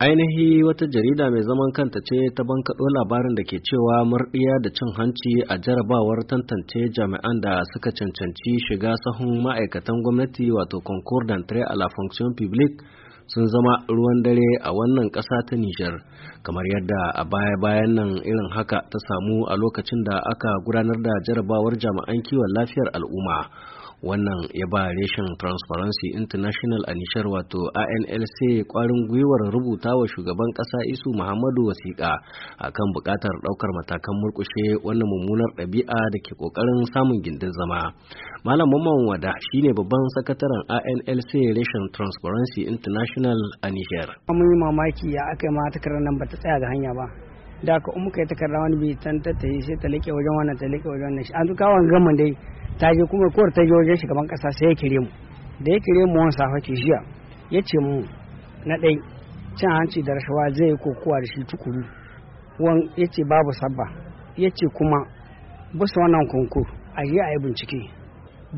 ainihi wata jarida mai zaman kanta ce ta bankaɗo labarin da ke cewa murɗiya da cin hanci a jarabawar tantance jami'an da suka cancanci shiga sahun ma'aikatan gwamnati wato concours d'entrée à la fonction publique sun zama ruwan dare a wannan ƙasa ta Nijar kamar yadda a baya-bayan nan irin haka ta samu a lokacin da aka gudanar da jarabawar jami'an kiwon lafiyar al'umma wannan ya ba reshen transparency international a nishar wato anlc kwarin gwiwar rubuta wa shugaban kasa isu muhammadu wasiƙa akan buƙatar ɗaukar matakan murƙushe wannan mummunar ɗabi'a da ke ƙoƙarin samun gindin zama malam mamman wada shine babban sakataren anlc reshen transparency international a nishar mun yi mamaki ya aka yi ma nan ba ta tsaya ga hanya ba da ka takarda wani bi tantata sai ta leƙe wajen wannan ta leƙe wajen wannan shi an duka wangan dai ta je kuma kowar ta je wajen shugaban kasa sai ya kire mu da ya kire mu wani safa ke jiya ya ce mu na ɗai cin hanci da rashawa zai yi kokowa da shi tukuru wan ya ce babu sabba ya ce kuma busa wannan konkur a yi a yi bincike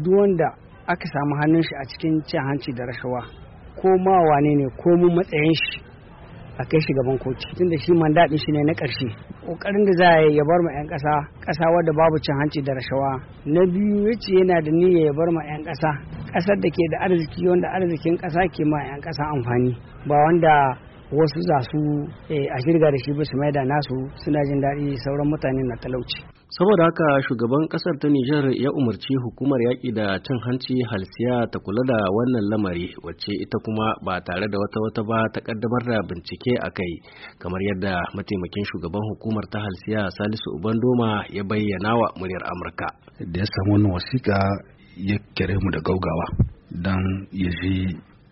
duk wanda aka samu hannun shi a cikin cin hanci da rashawa ko ma wane ne ko mu matsayin shi a kai shi gaban kotu tunda shi mandaɗi shi ne na ƙarshe ƙoƙarin da za a yi ya bar ma 'yan ƙasa ƙasa wadda babu cin hanci da rashawa na biyu ya ce yana da niyya ya bar ma 'yan ƙasa ƙasar da ke da arziki wanda arzikin ƙasa ke ma 'yan ƙasa amfani ba wanda wasu za su eh, a shirga da shi su da nasu suna jin daɗi sauran mutane na talauci. saboda haka shugaban kasar ta Nijar ya umarci hukumar yaƙi da cin hanci halsiya ta kula da wannan lamari wacce ita kuma ba tare da wata wata ba ta kaddamar da bincike a kai kamar yadda mataimakin shugaban hukumar ta halsiya Salisu Ubandoma ya bayyana wa muryar Amurka. Da ya samu wannan wasiƙa ya kere mu da gaugawa don ya fi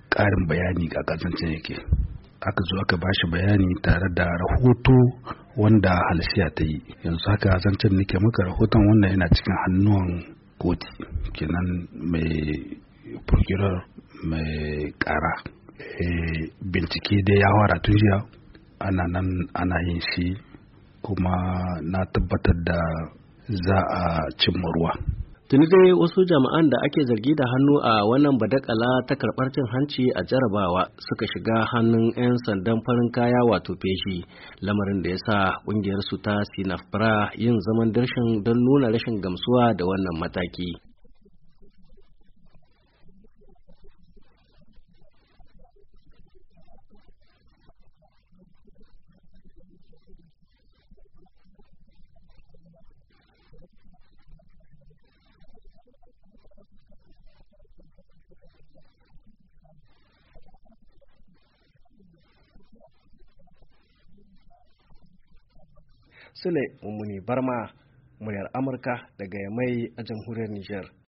ƙarin bayani ga kasance yake. aka zo aka bashi bayani tare da rahoto wanda halsiya ta yi yanzu haka zancen nake maka rahoton wanda yana cikin hannuwan koti kenan mai procurer mai kara eh, bincike da ya wara tun jiya ana nan ana yin shi kuma na tabbatar da za a cimma ruwa tuni dai wasu jami'an da ake zargi da hannu a wannan badakala ta karɓar cin hanci a jarabawa suka shiga hannun 'yan sandan farin kaya wato feshi lamarin da ya sa ƙungiyarsu su ta sinafra yin zaman darshin don nuna rashin gamsuwa da wannan mataki Sule muni Barma, muryar Amurka daga Yamai a jamhuriyar Nijar.